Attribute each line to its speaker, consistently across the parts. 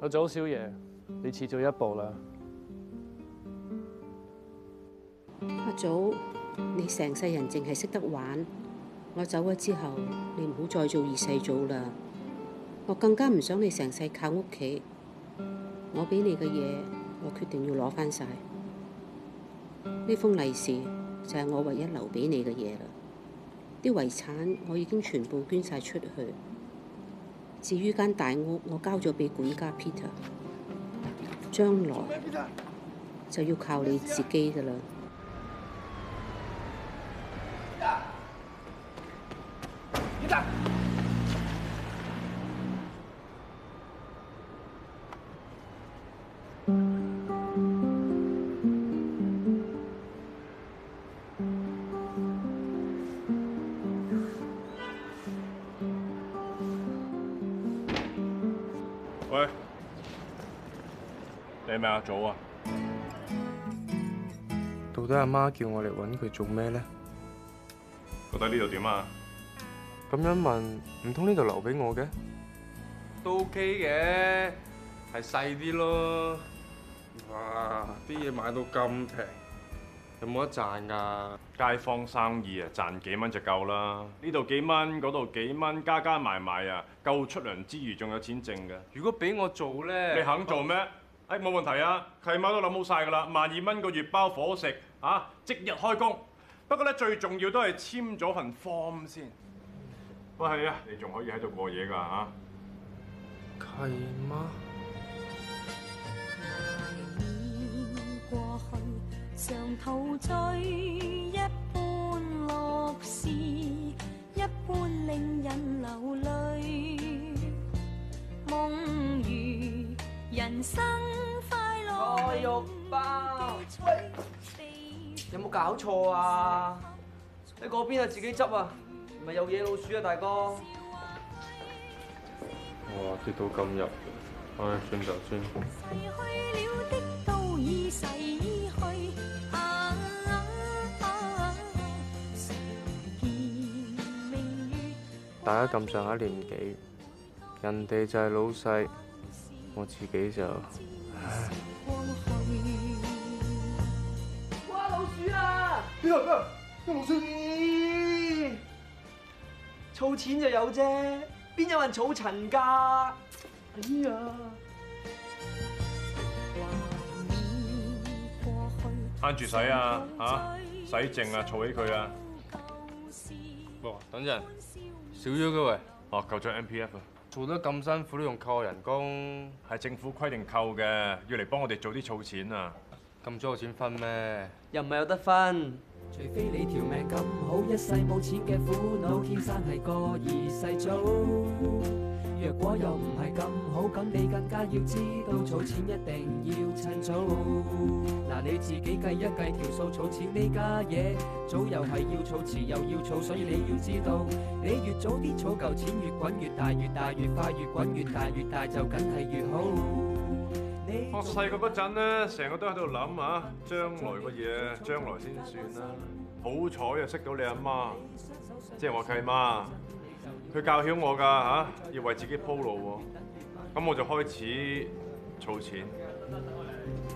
Speaker 1: 阿祖少爺，你遲咗一步啦。
Speaker 2: 阿祖，你成世人淨係識得玩，我走咗之後，你唔好再做二世祖啦。我更加唔想你成世靠屋企，我俾你嘅嘢，我決定要攞翻晒。呢封利是就係我唯一留俾你嘅嘢啦。啲遺產我已經全部捐晒出去，至於間大屋我交咗俾管家 Peter，將來就要靠你自己㗎喇。
Speaker 1: 喂，你係咪阿祖啊？到底阿媽叫我嚟搵佢做咩咧？到底呢度點啊？咁樣問，唔通呢度留俾我嘅？都 OK 嘅，係細啲咯。哇，啲嘢買到咁平。有冇得賺噶？街坊生意啊，賺幾蚊就夠啦。呢度幾蚊，嗰度幾蚊，加加埋埋啊，夠出糧之餘仲有錢剩嘅。如果俾我做咧，你肯做咩？哎，我，冇問題啊，契媽都諗好晒噶啦，萬二蚊個月包伙食，啊，即日開工。不過咧，最重要都係簽咗份 form 先。喂，哎，係啊，你仲可以喺度過夜噶啊？契媽。
Speaker 2: 陶醉，一半樂事，一半令人流淚，夢如人生快樂，菜肉包，喂，有冇搞錯啊？喺嗰邊啊，自己執啊，唔係有嘢老鼠啊，大哥。
Speaker 1: 哇，跌到咁入，唉、哎，算就算。大家咁上下年紀，人哋就係老細，我自己就……
Speaker 2: 哇老鼠啊！邊個邊個？老鼠、啊！儲錢就有啫，邊、啊、有，有人儲塵㗎？哎呀！
Speaker 1: 慳住使啊嚇、啊，洗淨啊，儲起佢啊！等陣少咗嘅喎，哦，扣咗 MPF 啦，做得咁辛苦都用扣人工，係政府規定扣嘅，要嚟幫我哋早啲儲錢啊，咁多錢分咩？又唔係有得分，
Speaker 2: 除非你條命咁好，一世冇錢嘅苦惱，天生係個二世祖，若果有。冇。咁你更加要知道儲錢一定要趁早，嗱，你自己計一計條數，儲錢呢家嘢，早又係要儲遲又要儲，所以你要知道，你越早啲儲夠錢越滾越大，越大越快越滾越大越大就梗係越好。
Speaker 1: 你我細個嗰陣咧，成日都喺度諗啊，將來個嘢將來先算啦。好彩啊，識到你阿媽，即係我契媽，佢教曉我噶吓，要為自己鋪路喎。咁我就開始儲錢，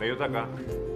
Speaker 1: 你都得㗎。